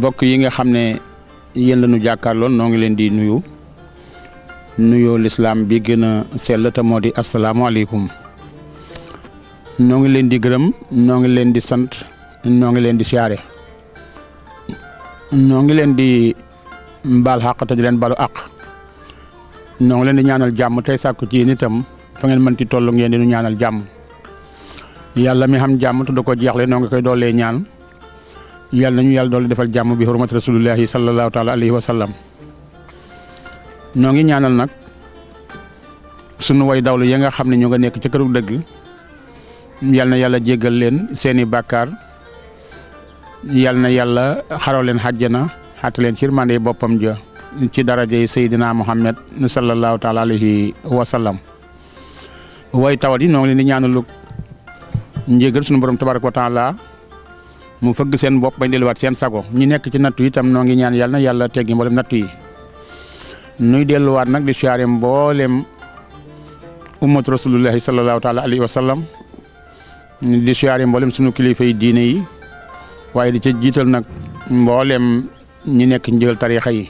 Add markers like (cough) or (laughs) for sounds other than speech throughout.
bokk yi nga xam ne yéen la ñu jàkkaarloon noo ngi leen di nuyu nuyoo lislaam bi gën a sell te moo di asalaamaaleykum noo ngi leen di gërëm noo ngi leen di sant noo ngi leen di siyaare noo ngi leen di mbaal xàq te di leen balu àq noo ngi leen di ñaanal jàmm tey sàkku ci yéen itam fa ngeen mën ci toll ngeen di ñaanal jàmm yàlla mi xam jàmm te du ko jeexle noo ngi koy doolee ñaan. na ñu yàlla doolu defal jàmm bi hurmat rasulullahi sallallahu taala alayhi wa sallam ñoo ngi ñaanal nag sunu way dawlu ya nga xam ne ñoo nga nekk ca këru dëgg yàlla na yàlla jéggal leen seeni bàkkaar yàlla na yàlla xaroo leen xaj na xaata leen cirmande boppam ja ci darajey Seydina Muhammad sallallahu taala alayhi wa way tawat yi ñoo ngi leen di ñaanalug njégal sunu borom tabaraka wa mu fëgg seen bopp bañ delluwaat seen sago ñu nekk ci nattu itam noo ngi ñaan yàlla na yàlla teggi mboolem nattu yi nuy delluwaat nag di siyaare mbooleem ummat rasulullahi sallallahu taala alayhi wa sallam di siyaare mboolem sunu kilifa yi diine yi waaye di ca jiital nag mboolem ñi nekk njëgal tarixa yi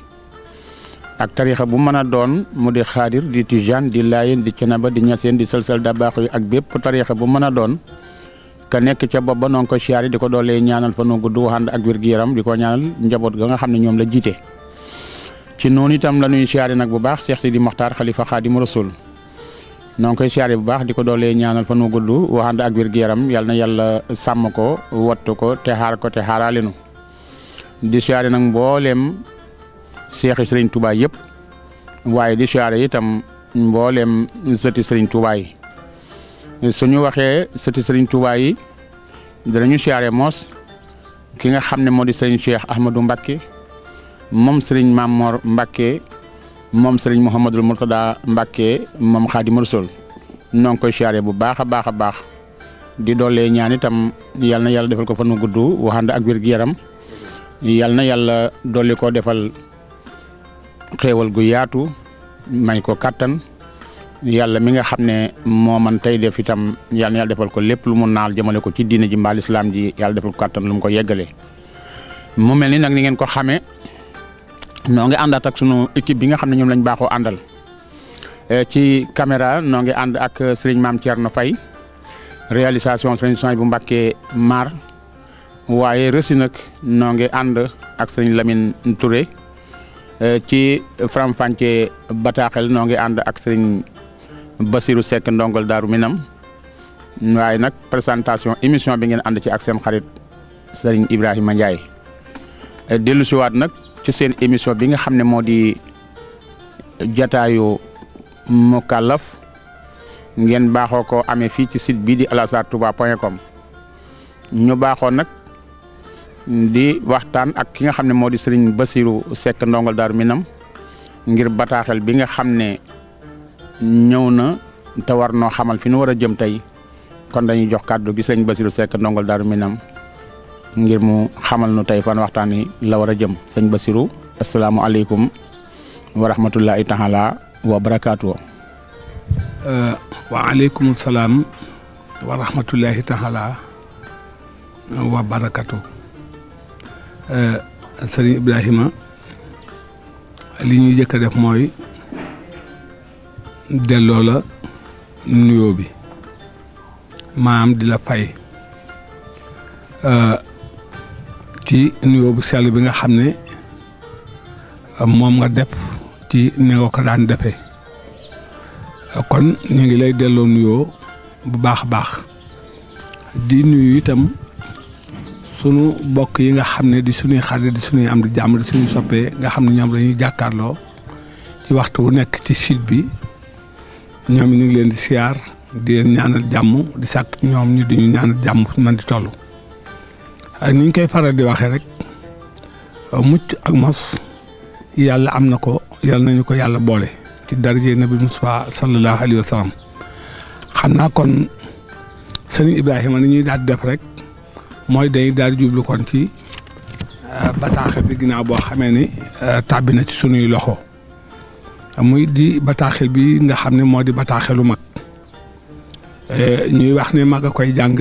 ak tarixa bu mën a doon mu di xaadir di tijaan di laayen di cenaba di ñaseen di salsal baaxu yi ak bépp tarixa bu mën a doon ka nekk ca bopp ba noo ngi ko di ko doolee ñaanal fa nu gudd ànd ak wér yaram di ko ñaanal njaboot ga nga xam ne ñoom la jiite. ci noonu itam la nuy siyaare nag bu baax Cheikh Sidi Mokhtar Khalifa Khadim Rasoul noo ngi koy siyaare bu baax di ko doolee ñaanal fa nu gudd ànd ak wér-gu-yaram yal na yàlla sàmm ko wattu ko te xaar ko te xaaraale nu di siyaare nag mbooleem seexi sëriñ Touba yëpp waaye di siyaare itam mbooleem sëti sëriñ Touba suñu waxee sëti sëriñ Touba yi dinañu siyaare moos ki nga xam ne moo di sëriñ Cheikh Ahmadou Mbacké moom sëriñ Mamor Mbacké moom sëriñ Mouhamadul Mourtada Mbacké moom Xaadimu Rasuul noo ngi koy siyaare bu baax a baax a baax di doole ñaan itam yal na yàlla defal ko fanu gudd waxande ak wér gu yaram yal na yàlla dolli koo defal xéewal gu yaatu may ko kàttan yàlla mi nga xam ne moo man tey def itam yàlla yàlla defal ko lépp lu mu naal jëmale ko ci diine ji mbaa lislaam ji yàlla defal ko kàttan lu mu ko yeggalee. mu mel ni nag ni ngeen ko xamee noo ngi àndaat ak sunu équipe bi nga xam ne ñoom lañ baaxoo àndal e, ci caméra noo ànd ak sëriñ maam Thierno Faye réalisation sëriñ Soñ bu Mbàkke Mar waaye rësi nag noo ngi ànd ak sëriñ lamin Touré e, ci faram-fàccee bataaxel noo ngi ànd ak sëriñ Basirou Seck ndongol Daaru Minam waaye nag présentation émission bi ngeen ànd ci ak seen xarit Serigne Ibrahima Ndiaye eh, dellu si nag ci seen émission bi nga xam ne moo di jataayu mukallaf ngeen baaxoo ko amee fii ci sit bii di alazhar touba point com ñu baaxoo nag di waxtaan ak ki nga xam ne moo di Serigne Basirou Seck ndongol Daaru Minam ngir bataaxel bi nga xam ne ñëw na te war noo xamal fi nu war a jëm tey kon dañuy jox kàddu gi sëñ Basirou Seck ndongol Daaru Minam ngir mu xamal nu tey fan waxtaan yi la war a jëm sëñ Basirou asalaamualeykum wa rahmatullahi taala wa barakaatu. Uh, wa aleykum salaam wa rahmatullahi taala wa barakaatu. Uh, sëriñ Ibrahima li ñuy jëkk a def mooy. delloo la nuyoo bi maam di la fay euh, ci nuyoo bu sell bi nga xam ne moom nga def ci ni nga ko daan defee kon ñu ngi lay delloo nuyoo bu baax a baax di nuyu itam sunu bokk yi nga xam ne di sunuy xarit di sunuy am di jàmm di sunuy soppee nga xam ne ñoom lañuy jàkkaarloo ci waxtu wu nekk ci site bi ñoom ñu ngi leen di siyaar di leen ñaanal jàmm di sàkk ñoom ñu di ñu ñaanal jàmm man di toll niñ koy faral di waxee rek mucc ak mos yàlla am na ko yàlla nañu ko yàlla boole ci darje nabi Mustafa sallallahu alayhi wa sallam xam naa kon sëriñ Ibrahima ni ñuy daal def rek mooy day daal jublu kon ci euh, bataaxe bi ginnaaw boo xamee ni euh, tàbbi na ci sunuy loxo. muy di bataaxel bi nga xam ne moo di bataaxelu mag eh, ñuy wax ni mag a koy jàng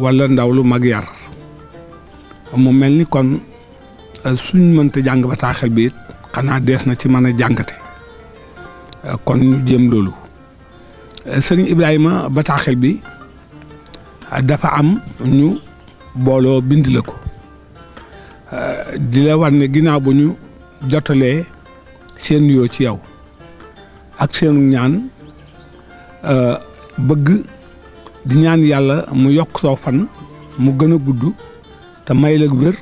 walla ndaw lu mag yar mu mel ni kon eh, suñ mënta jàng bataaxel bi xanaa dees na ci mën a jàngate eh, kon ñu jëm loolu sëriñ Ibrahima bataaxel bi dafa am ñu booloo bind la ko di la war ne ginnaaw bu ñu jotalee. seen nuyoo ci yow ak seenu ñaan euh, bëgg di ñaan yàlla mu yokk soo fan mu gën a gudd te may la ak wér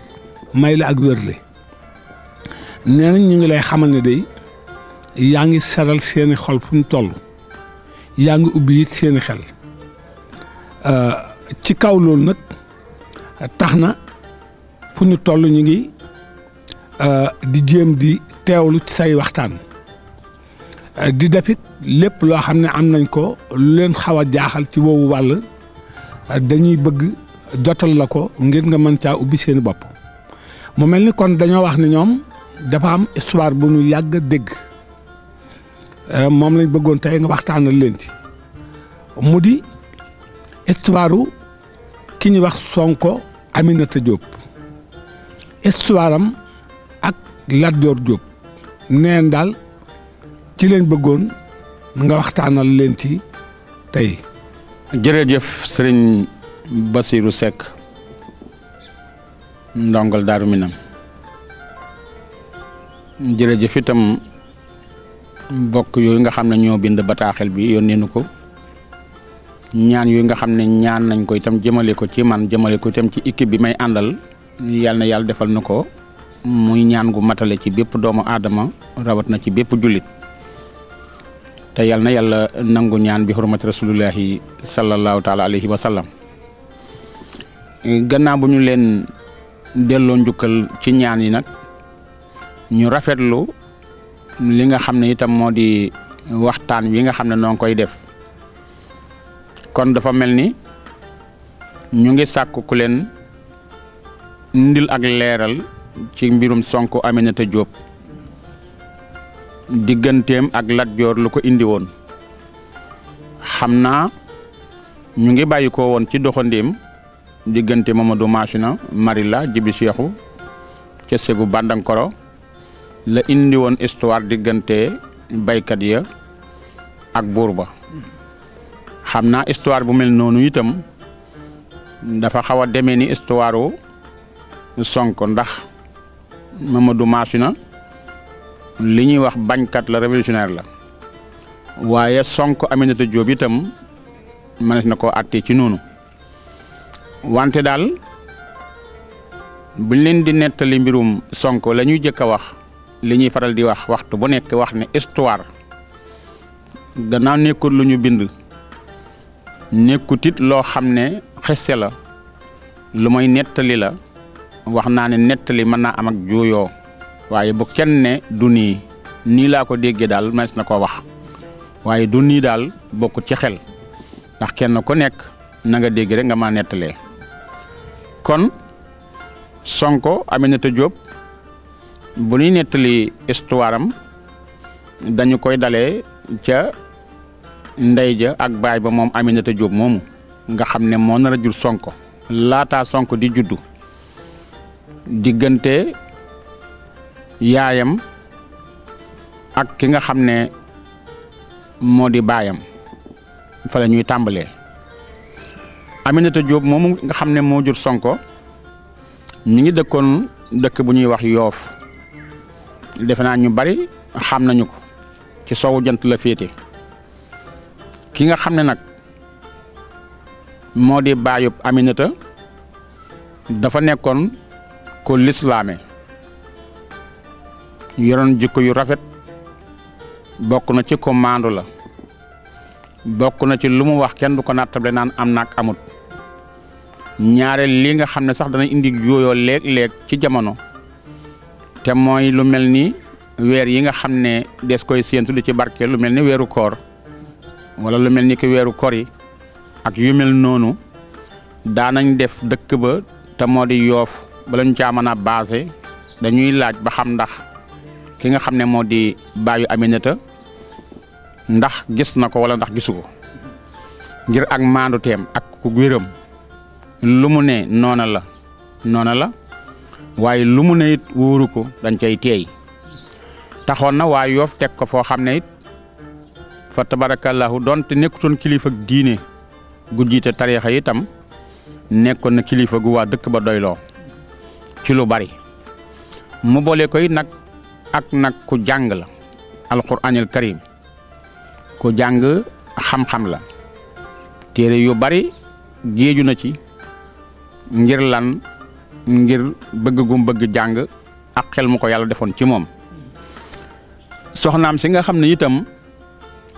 may la ak wérle nee ñu ngi lay xamal ne day yaa ngi saral seeni xol fu mu toll yaa ngi ubbi it seeni xel euh, ci kaw loolu nag tax na fu ñu toll ñu ngi euh, di jéem di teewlu ci say waxtaan euh, di defit lépp loo xam ne am nañ ko lu leen xaw a jaaxal ci woowu wàll euh, dañuy bëgg jotal la ko ngir nga mën caa ubbi seeni bopp mu mel ni kon dañoo wax ne ñoom dafa am histoire bu ñu yàgg dégg euh, moom lañ bëggoon tey nga waxtaanal leen ci mu di histoire ki ñuy wax Sonko Aminata Diop histoire am ak Lat Dior neen daal ci leen bëggoon nga waxtaanal leen ci tey. jërëjëf sëriñ Basirou Seck ndongal Daaru Minam jërëjëf itam mbokk yooyu nga xam ne ñoo bind bataaxel bi yónnee nu ko ñaan yooyu nga xam ne ñaan nañ ko itam jëmale ko ci man jëmale ko itam ci équipe bi may àndal yàlla na yàlla defal na ko. muy ñaan gu matale ci bépp doomu aadama rawat na ci bépp jullit te yal na yàlla nangu ñaan bi xurmati rasulullahi sallallahu taala alayhi wa sallam gannaaw bu ñu leen delloo njukkal ci ñaan yi nag ñu rafetlu li nga xam ne itam moo di waxtaan wi nga xam ne noo koy def kon dafa mel ni ñu ngi sàkk ku leen ndil ak leeral ci mbirum Sonko Aminata Diop digganteem ak Lat Joor lu ko indi woon xam naa ñu ngi bàyyi ko woon ci doxandéem diggante Mamadou Machina mari la Seexu ca Segu Bandankoro la indi woon histoire diggante baykat ya ak buur ba xam naa histoire bu mel noonu itam dafa xaw a demee ni histoire Sonko ndax Mamadou Masina li ñuy wax bañkat la révolutionnaire la waaye Sonko Aminata Diop itam mënees na koo àttee ci noonu wante daal buñ leen di nettali mbirum Sonko la ñuy jëkk a wax li ñuy faral di wax waxtu bu nekk wax ne histoire gannaaw nekkut lu ñu bind nekkutit loo xam ne xeste la lu may nettali la wax naa ne nettali mën naa am ak juuyoo waaye bu kenn ne du nii nii laa ko déggee daal mas na ko wax waaye du nii daal bokk ci xel ndax kenn ku nekk nanga nga dégg rek nga maa nettalee kon Sonko ame Aminata Diop bu nuy nettali histoire dañu koy dalee ca ndey ak baay ba moom ame Aminata Diop moomu nga xam ne moo nar a Sonko laataa Sonko di juddu. diggante yaayam ak ki nga xam ne moo di baayam fa ñuy tàmbalee Aminata Diop moomu nga xam ne moo jur Sonko ñu ngi dëkkoon dëkk bu ñuy wax yoof defe naa ñu bari xam nañu ko ci sowu jant la féete ki nga xam ne nag moo di baayub Aminata dafa nekkoon ko lislaame ñu yoroon jikko yu rafet bokk na ci ko la bokk na ci lu mu wax kenn du ko nattable naan am naag amut ñaareel lii nga xam ne sax dana indi yooyoo léeg-léeg ci jamono te mooy lu mel ni weer yi nga xam ne des koy séentu di ci barke lu mel ni weeru koor wala lu mel ni ki weeru koor yi ak yu mel noonu daanañ def dëkk ba te moo di yoof bala ñu caa mën dañuy laaj ba xam ndax ki nga xam ne moo di baayu Aminata ndax gis na ko wala ndax gisu ko ngir ak maandu ak ku wéram lu mu ne noona la noona la waaye lu mu ne it wóoru ko dañ cay teey taxoon na waa Yoof teg ko foo xam ne it fa tabarakallahu donte nekkutoon kilifa diine gu jiite tariixa itam nekkoon na kilifa gu waa dëkk ba doyloo ci lu bari mu boole koy nag ak nag ku jàng la alquranil karim ku jàng xam-xam la téere yu bari géeju na ci ngir lan ngir bëgg gum bëgg jàng ak xel mu ko yàlla defoon ci moom soxnaam si nga xam ne itam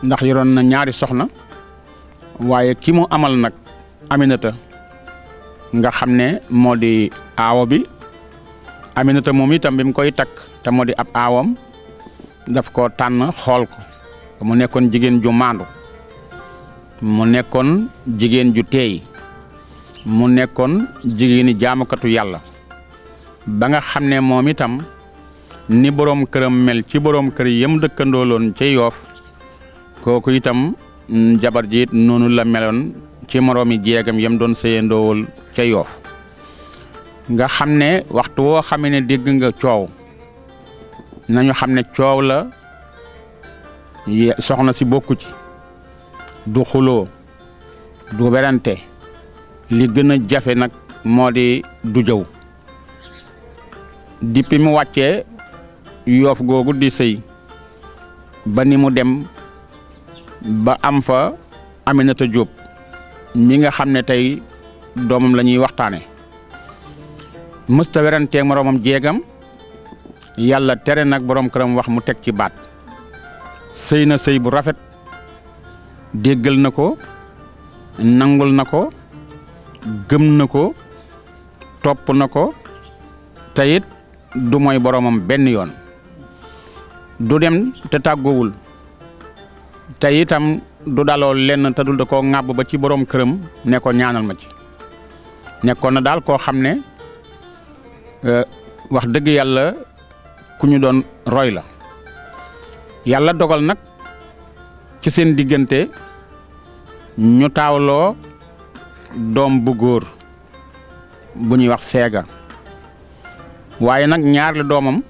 ndax yoroon na ñaari soxna waaye ki mu amal nag Aminata nga xam ne moo di aawo bi Aminata moom itam bi mu koy takk te moo di ab aawam daf ko tànn xool ko mu nekkoon jigéen ju maandu mu nekkoon jigéen ju teey mu nekkoon jigéeni jaamukatu yàlla ba nga xam ne moom itam ni boroom këram mel ci boroom kër yëm dëkkandooloon ca yoof kooku itam jabar ji noonu la meloon ci moroomi jeegam yam doon sëyandoowul ca yoof nga xam ne waxtu woo xamee ne dégg nga coow nañu xam ne coow la soxna si bokku ci du xuloo du werante li gën a jafe nag moo di du jëw dippi mu wàccee yoof googu di sëy ba ni mu dem ba am fa ame Aminata Diop mi nga xam ne tey doomam la ñuy waxtaane mësta weranteeg moroomam jéegam yàlla tere nag borom këram wax mu teg ci baat sëy na sëy bu rafet déggal na ko nangul na ko gëm na ko topp na ko teyit du moy boromam benn yoon du dem te tàggowul te itam du daloo lenn te dul da koo ŋàbb ba ci borom këram ne ko ñaanal ma ci nekkoon na daal koo xam ne Euh, wax dëgg yàlla ku ñu doon roy la yàlla dogal nag ci seen diggante ñu taawloo doom bu góor bu ñuy wax seega waaye nag ñaar la doomam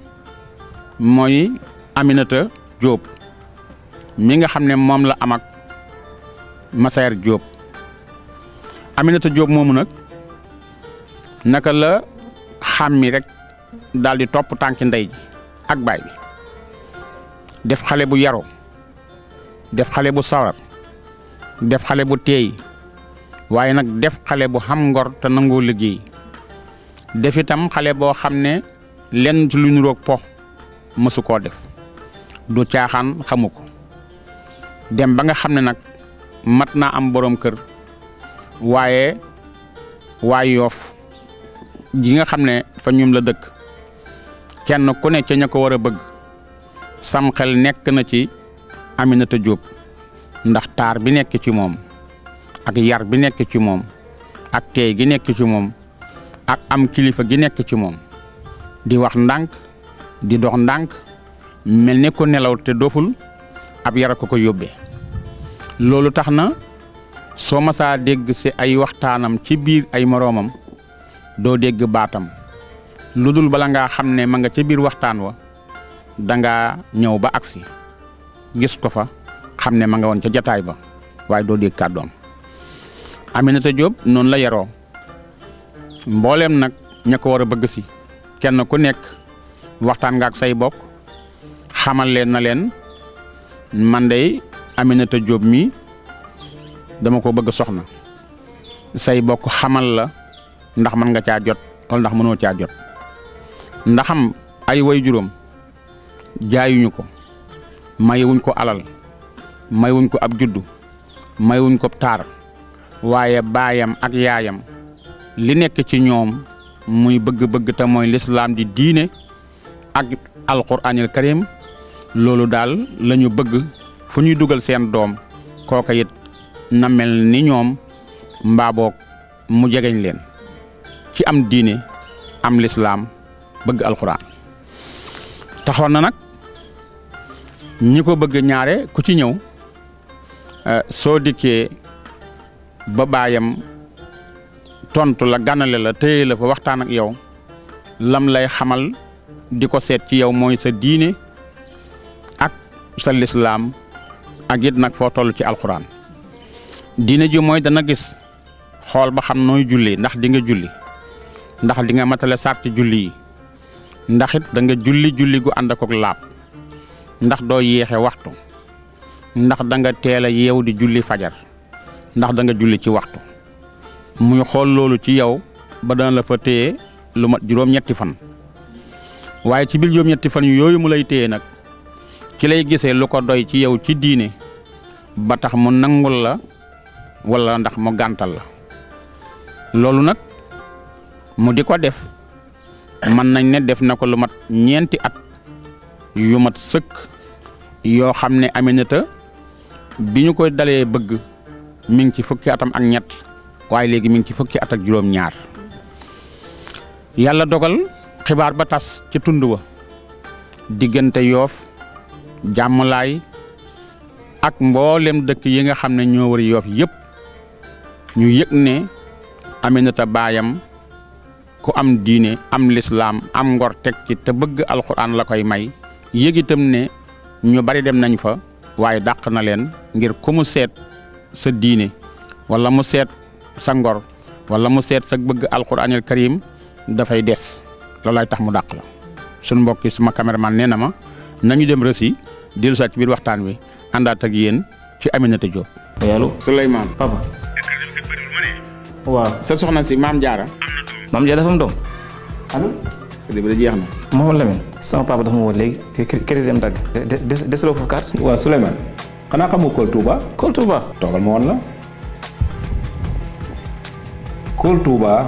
mooy Aminata jóob mi nga xam ne moom la am ak Massaer Diop Aminata Diop moomu nag naka la. xammi rek daldi topp tànk ndey ji ak baay def xale bu yaru def xale bu sawar def xale bu teey waaye nag def xale bu xam ngor te nangoo liggéey def itam xale boo xam ne lenn ci lu ñu po mësu koo def du caaxaan xamu ko dem ba nga xam ne nag mat naa am boroom kër waaye waa yoof gi nga xam ne fa ñoom la dëkk kenn ku ne ca ña ko war a bëgg sam nekk na ci Aminata Diop ndax taar bi nekk ci moom ak yar bi nekk ci moom ak teey gi nekk ci moom ak am kilifa gi nekk ci moom di wax ndànk di dox ndànk mel ni ko nelaw te doful ab yara ko ko yóbbee loolu tax na soo masaa dégg si ay waxtaanam ci biir ay moroomam doo dégg baatam lu dul bala ngaa xam ne ma nga ca biir waxtaan wa danga ñëw ba agsi gis ko fa xam ne ma nga woon ca jataay ba waaye doo dégg kàddoom Aminata jóob noonu la yaroo mbooleem nag ña ko war a bëgg si kenn ku nekk waxtaan nga ak say bokk xamal leen na leen man dey Aminata Diop mi dama ko bëgg soxna say bokk xamal la ndax mën nga caa jot wala ndax mënoo caa jot ndaxam ay way juróom jaayuñu ko mayewuñ ko alal mayewuñ ko ab juddu mayewuñ ko taar waaye baayam ak yaayam li nekk ci ñoom muy bëgg-bëgg te mooy lislaam di diine ak alquranil karim loolu daal lañu bëgg fu ñuy dugal seen doom kooka it na mel ni ñoom mbaaboog mu jegeñ leen ki am diine am lislaam bëgg alxuraan taxoon na nag ñi ko bëgg ñaare ku ci ñëw eh, soo dikkee ba baayam tontu la ganale la téye la fa waxtaan ak yow lam lay xamal di ko seet ci yow mooy sa diine ak sa lislaam ak nag foo toll ci alxuraan diine ji mooy dana gis xool ba xam nooy julli ndax dinga julli ndax dinga nga matale sarti julli yi ndax it julli julli gu ànd ak laab ndax doo yéexe waxtu ndax danga teela teel yeew di julli fajar ndax danga nga julli ci waxtu muy xool loolu ci yow ba dana la fa téye lu mat juróom-ñetti fan waaye ci biir juróom-ñetti fan yooyu mu lay téye nag ci lay gisee lu ko doy ci yow ci diine ba tax mu nangul la walla ndax mu gàntal la loolu nag. mu di ko def mën nañ ne def na ko lu mat ñeenti at yu mat sëkk yoo xam ne Aminata bi ñu koy dalee bëgg mi ngi ci fukki atam ak ñett waaye léegi mi ngi ci fukki at ak juróom-ñaar yàlla dogal xibaar ba tas ci tund wa diggante yoof jàmmulaay ak mboolem dëkk yi nga xam ne ñoo wër yoof yëpp ñu yëg ne Aminata baayam ku am diine am lislaam am ngor teg ci te bëgg alxuraan la koy may yëg itam ne ñu bari dem nañ fa waaye dàq na leen ngir ku mu seet sa diine wala mu seet sa ngor wala mu seet sa bëgg alxuraanil karim dafay des loolay tax mu dàq la sunu mbokk yi suma caméraman nee na ma nañu dem rësi dellu saa ci biir waxtaan wi àndaat ak yéen ci Aminata Diop. allo Souleymane papa. sa soxna si maam Jaara. maam Ndiaye dafa am doom. jeex na. Mawal Lamine. sama papa dafa ma woo léegi crédit dem dagg. des desuloo foofu carte. waaw Souleymane xanaa xamoo Kool Touba. Kool Touba. toogal ma woon la. Kool Touba.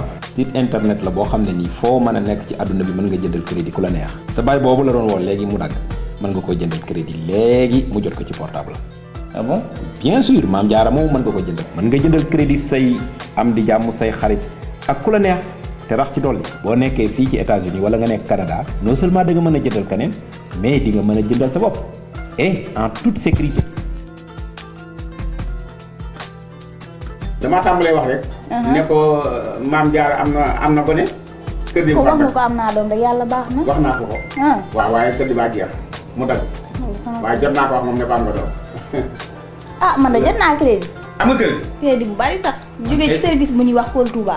la boo xam ne nii foo mën a nekk ci àdduna bi mën nga jëndal crédit ku la neex. sa baay boobu la doon woo léegi mu dagg mën nga koy jëndal crédit léegi mu jot ko ci portable. ah bon bien sûr maam jaara moom mën nga ko jëndal. mën nga jëndal crédit say am di jàmm say xarit ak ku la neex. te rax ci dolli boo nekkee fii ci États-Unis wala nga nekk Canada non seulement da mën a jëndal keneen mais di nga mën a jëndal sa bopp et en toute sécurité. damaa tàmbalee wax rek. Uh-huh. ne ko uh, maam Diarra am na am na gone. kër ko am naa doom rek yàlla baax na. wax naa ko ko. Ah. waaw waaye kër gi baa jeex mu dagg. waaye jot naa ko wax moom ne ko am nga doom. ah man de jot naa crédit. am nga crédit. crédit bu bari sax. jógee ci service bu ñuy wax Pôle Touba.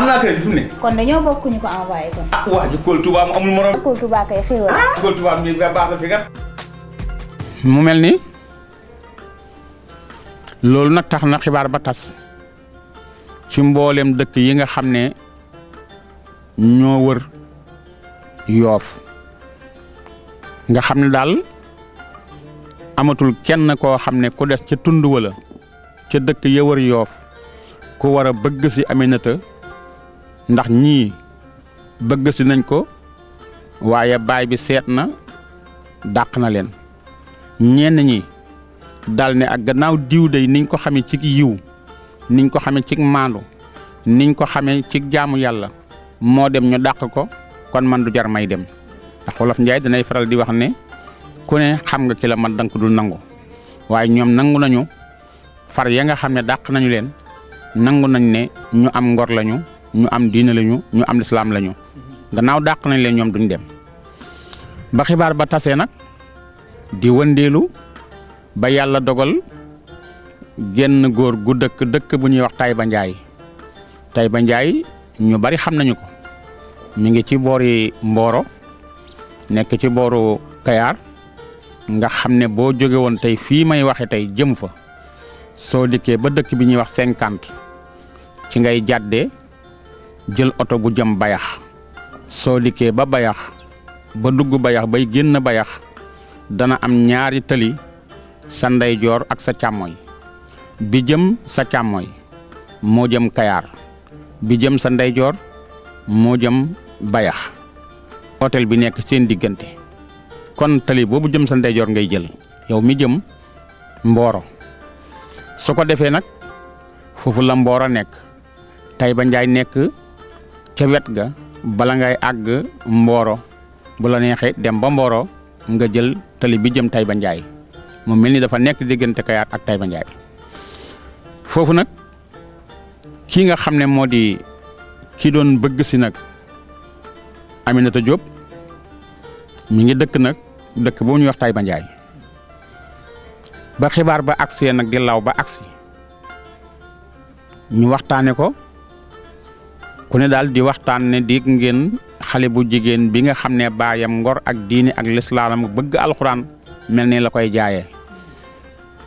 am ah, ah, mu mel ni loolu nag tax na xibaar ba tas ci mbooleem dëkk yi nga xam ne ñoo wër yoof nga xam ne daal amatul kenn koo xam ne ku des ca tund wala ca dëkk ya wër yoof ku war a bëgg si Aminata ndax ñii bëgg nañ ko waaye baay bi seet na dàq na leen ñenn ñi dal ne ak gannaaw diw day niñ ko xamee ci yiw niñ ko xamee ci maandu niñ ko xamee ci jaamu yàlla moo dem ñu dàq ko kon man du jar may dem ndax wolof njaay danay faral di wax ne ku ne xam nga ki la man danga ko dul nangu waaye ñoom nangu nañu far ya nga xam ne dàq nañu leen nangu nañ ne ñu am ngor lañu ñu am diina lañu ñu am lislaam lañu gannaaw dàq nañ leen ñoom duñ dem ba xibaar ba tasee nag di wëndeelu ba yàlla dogal genn góor gu dëkk dëkk bu ñuy wax Tayba Njaay ba Njaay ñu bari xam nañu ko mi ngi ci boori Mboro nekk ci booru Kayaar nga xam ne boo jóge woon tey fii may waxe tey jëm fa soo dikkee ba dëkk bi ñuy wax cinquante ci ngay jàddee jël oto bu jëm bayax soo dikkee ba bayax ba dugg bayax bay génn bayax dana am ñaari tëli sa ndeyjoor ak sa càmmooy bi jëm sa càmmooy moo jëm kayaar bi jëm sa ndeyjoor moo jëm bayax hôtel bi nekk seen diggante kon tëli boobu jëm sa ndeyjoor ngay jël yow mi jëm mbooro su ko defee nag foofu la mbooro nekk Taïba Ndiaye nekk ca wet ga bala ngay àgg mbooro bu la neexee dem ba mbooro nga jël tali bi jëm Taïba Ndiaye mu mel ni dafa nekk diggante kayaat ak Taïba Ndiaye foofu nag kii nga xam ne moo di ki doon bëgg si nag Aminata Diop mu ngi dëkk nag dëkk bu ñuy wax Taïba Ndiaye ba xibaar ba agsee nag di law ba agsi ñu waxtaane ko ku ne daal di waxtaan ne dig ngeen xale bu jigéen bi nga xam ne baayam ngor ak diini ak lislaam bëgg alxuraan mel ni la koy jaaye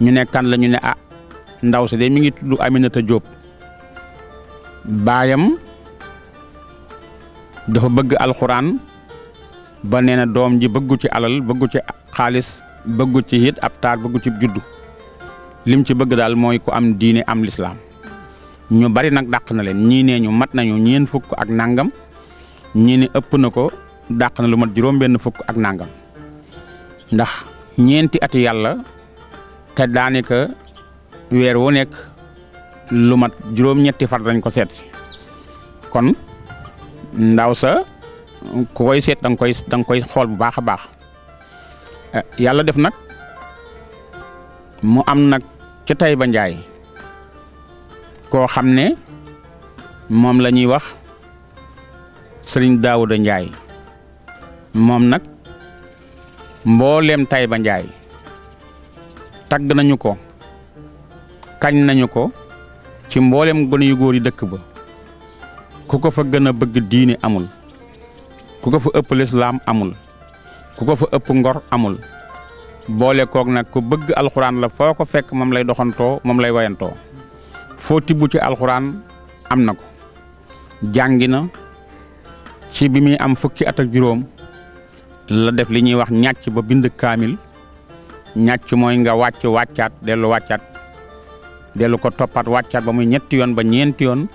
ñu ne kan la ñu ne a ah, ndaw si de mi ngi tudd Aminata Diop baayam dafa bëgg alxuraan ba nee na doom ji bëggu ci alal bëggu ci xaalis bëggu ci it ab taar bëggu ci juddu lim ci bëgg daal mooy ku am diine am lislaam ñu bari nag dàq na leen ñii nee ñu mat nañu ñeen fukk ak nangam ñii ne ëpp na ko dàq na lu mat juróom-benn fukk ak nangam ndax ñeenti ati yàlla te daanaka weer wu nekk lu mat juróom-ñetti far ko seet kon ndaw sa ku koy seet danga koy danga koy xool bu baax a baax eh, yàlla def nag mu am nag ca Taïba Ndiaye koo xam ne moom la ñuy wax sëriñ Daawuda Njaay moom nag mbooleem Tayba Njaay tagg nañu ko kañ nañu ko ci mboolem gone yu góor yi dëkk ba ku ko fa gën a bëgg diini amul ku ko fa ëpp lislaam amul ku ko fa ëpp ngor amul boole kook nag ku bëgg alxuraan la foo ko fekk moom lay doxantoo moom lay wayantoo foo tibb ci alxuraan am na ko jàngi na ci bi muy am fukki at ak juróom la def li ñuy wax ñàcc ba bind kaamil ñàcc mooy nga wàcc wàccaat dellu wàccaat dellu ko toppaat wàccaat ba muy ñetti yoon ba ñeenti yoon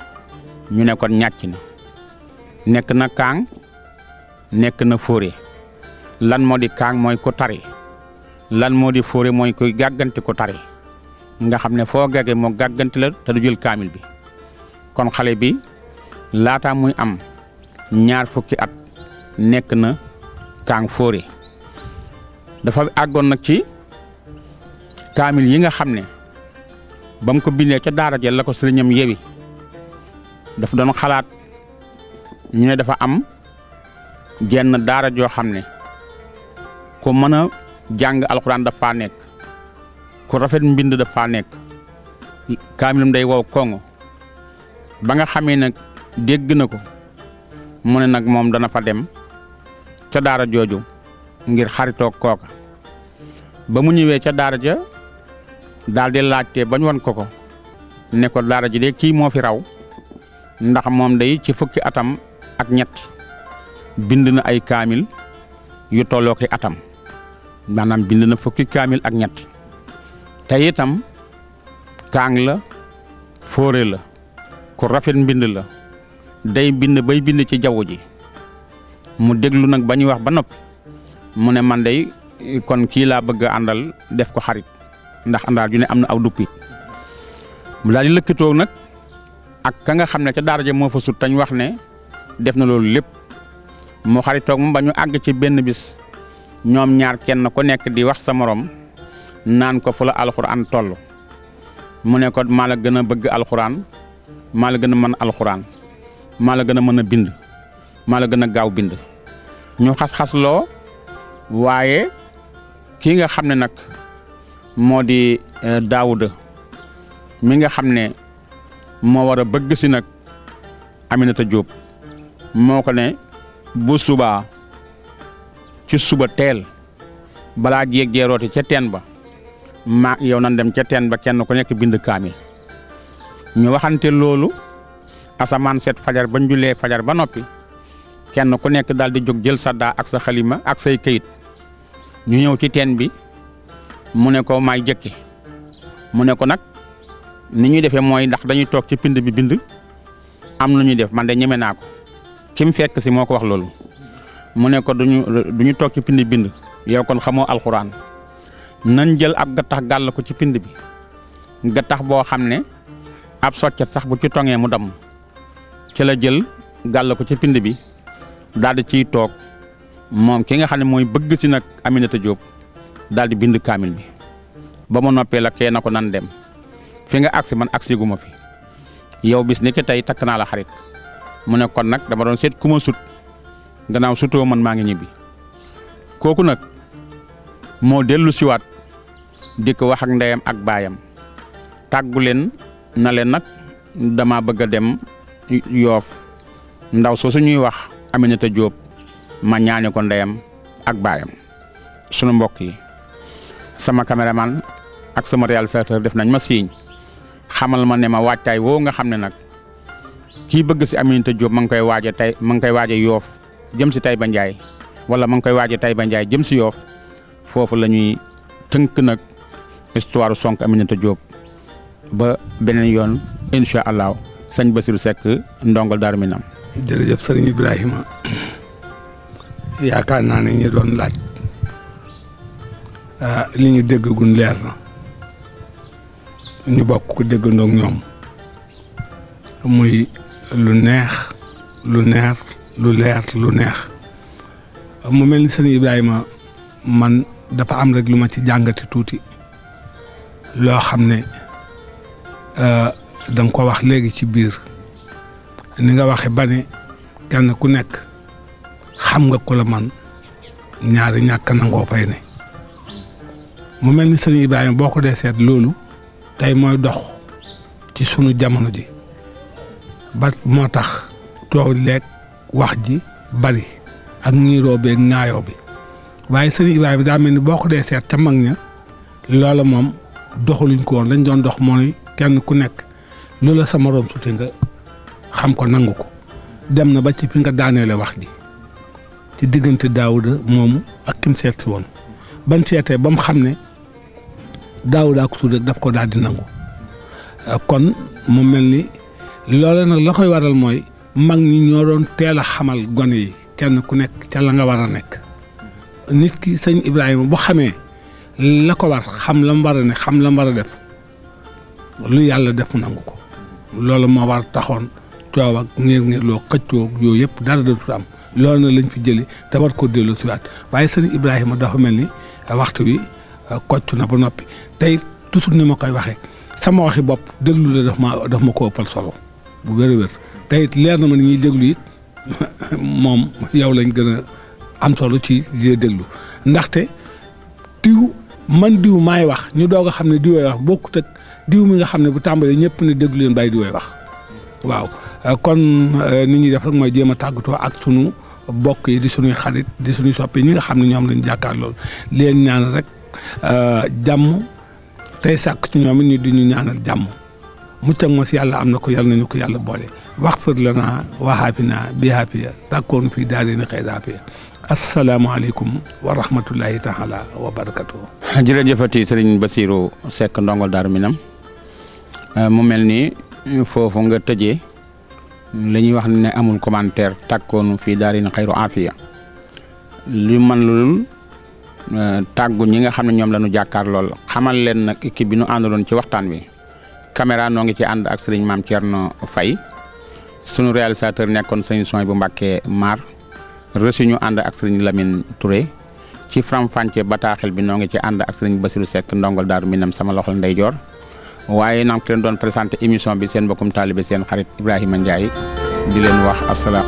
ñu ne kon ñàcc na nekk na kaang nekk na fóore lan moo di kaang mooy ko tari lan moo di fóore mooy koy gàggante ko tari nga xam ne foo gage moo gàggante la te du jël kaamil bi kon xale bi laataa muy am ñaar fukki at nekk na kaang fóore dafa àggoon nag ci kaamil yi nga xam ne ba mu ko bindee ca daara ja la ko sëriñam yewi dafa doon xalaat ñu ne dafa am jenn daara joo xam ne ku mën a jàng alxuraan dafa nekk ku rafet mbind dafa nekk kaamilam day wow koŋ ba nga xamee nag dégg na ko mu ne nag moom dana fa dem ca daara jooju ngir xaritoog kooka ba mu ñëwee ca daara ja daldi laajte bañ wan ko ko ne ko daara ji de kii moo fi raw ndax moom day ci fukki atam ak ñett bind na ay kaamil yu tolloo atam maanaam bind na fukki kaamil ak ñett te itam kaang la fóore la ku rafet mbind la day bind bay bind ci jaww ji mu déglu nag ba ñuy wax ba noppi mu ne man day kon kii laa bëgg a àndal def ko xarit ndax àndaal ju ne am na aw duppi mu daal di lëkkatoo nag ak ka nga xam ne ca daara ja moo fa sut tañ wax ne def na loolu lépp mu xaritoog moom ba ñu àgg ci benn bis ñoom ñaar kenn ku nekk di wax sa moroom naan ko fu la alxuraan toll mu ne ko maa la gën a bëgg alxuraan maa la gën a mën alxuraan maa la gën a mën a bind maa gën a gaaw bind ñu xas-xas loo waaye kii nga xam ne nag moo di eh, Daawuda mi nga xam ne moo war a bëgg si nag Aminata Jóob moo ko ne bu subaa ci suba teel balaa jéeg jeerooti ca teen ba maa yow nan dem ca teen ba kenn ku nekk bind kaamil ñu waxante loolu asamaan fajar ba ñu fajar ba noppi kenn ku nekk daal di jóg jël sa daa ak sa xalima ak say kayit ñu ñëw ci teen bi mu ne ko maay jëkki mu ne ko nag ni ñuy defee mooy ndax dañuy toog ci pind bi bind am lu ñuy def man de ñeme naa ko ki fekk si moo ko wax loolu mu ne ko duñu duñu toog ci pind bind yow kon xamoo alxuraan. nañ jël ab gattax gàll ko ci pind bi gattax boo xam ne ab soccet sax bu ci toŋee mu damm ci la jël gàll ko ci pind bi daal di ciy toog moom ki nga xam ne mooy bëgg si nag Aminata Diop daal di bind kaamil bi ba mu noppee la kee na ko nan dem fi nga agsi man agsi gu ma fi yow bis ni ki tey takk naa la xarit mu ne kon nag dama doon seet ku ma sut gannaaw sutoo man maa ngi ñibbi kooku nag moo dellu siwaat di ko wax ak ndeyam ak baayam tàggu leen na leen nag dama bëgg a dem yoof ndaw soo su ñuy wax Aminata Diop ma ñaane ko ndeyam ak baayam sunu mbokk yi sama man ak sama réalisateur def nañ ma siiñ xamal ma ne ma waajtaay woo nga xam ne nag kii bëgg si Aminata Diop ma ngi koy waaje tey ma ngi koy waaje yoof jëm si Taïba Ndiaye wala ma ngi koy waaje ba njaay jëm si yoof foofu lañuy tënk nag histoire Sonko Aminata Diop ba beneen yoon incha allah sëñ Bassirou Seck ndongal Darou Minam. jërëjëf sëriñ Ibrahima yaakaar naa ne ñu doon laaj ah, li ñu dégg gun leer na ñu bokk ko déggandoog ñoom muy lu neex lu neex lu leer lu neex mu mel ni sëriñ Ibrahima man. dafa am rek lu ma ci jàngati tuuti loo xam ne euh, da nga ko wax léegi ci biir ni nga waxe ba ne kenn ku nekk xam nga ko la man ñaari ñàkk nangoo fay ne mu mel ni sëñ Ibrahima boo ko dee seet loolu tey mooy dox ci sunu jamono ji ba moo tax toog leeg wax ji bari ak ñiiroo beeg ñaayoo bi waaye sëriñ bi daa mel ni boo ko dee seet ca mag ña loola moom doxaluñ ko woon dañ doon dox mooy kenn ku nekk loola sa moroom suti nga xam ko nangu ko dem na ba ci fi nga daaneele wax ji ci diggante Daawuda moomu ak kim seet si woon bañ seetee ba mu xam ne Daawuda ak suur rek daf ko daal di nangu kon mu mel ni loola nag la koy waral mooy mag ñi ñoo doon teel a xamal gone yi kenn ku nekk ca la nga war a nekk. nit ki sëñ Ibrahima bu xamee la ko war xam la mu war a ne xam la mu war a def lu yàlla def nangu ko loolu moo war taxoon coow ak ngir ngir loo xëccoo yooyu yëpp dara dootul am lool na lañ fi jëli te war ko delloo si waat waaye sëñ Ibrahima dafa mel ni waxtu wi euh, kocc na ba noppi tey toujours ni ma koy waxee sama waxi bopp déglu la daf ma ko ëppal solo bu wér a wér tey leer na ma ni ñuy déglu it (laughs) moom yow lañ gën am solo ci di déglu ndaxte diw man diw maay wax ñu doog a xam ne diwee wax bokkut ak diw mi nga xam ne bu tàmbalee ñëpp ne déglu leen bàyyi diwee wax waaw kon euh, ni ñuy def rek mooy jéem a tàggatoo ak suñu bokk yi di suñuy xarit di suñuy soppee ñi nga xam ne ñoom lañu jàkkaar loolu leen ñaan rek euh, jàmm tey sàkk ci ñoom it ñu di ñu ñaanal jàmm mucc ak mos yàlla am na ko yàlla nañu ko yàlla boole wax fër la naa waxaafi naa bi haafiya rakkoon fii daal di asalaamaaleykum wa rahmatullahi taala wa barakatu. jërëjëfati sëriñ Basirou Seck ndongal Daaru Minam euh, mu mel ni foofu nga tëje li ñuy wax ne amul commentaire tàkkoonu fii daarin xayru afiya lu man lul euh, tàggu ñi nga xam ne ñoom la ñu jàkkaar lool xamal leen nag équipe bi ñu àndaloon ci waxtaan wi caméra noo ngi ci ànd ak sëriñ maam Thierno Faye sunu réalisateur nekkoon sëriñ Soy bu Mbàkke Mar. reçu ñu ànd ak sëriñ Lamine Touré ci faram-fàccee bataaxel bi noo ngi ci ànd ak sëriñ Bassirou sekk ndongol daaru minam sama loxol ndeyjoor waaye na ki leen doon présenté émission bi seen mbokkum taalibe seen xarit Ibrahima Ndiaye di leen wax asalaam.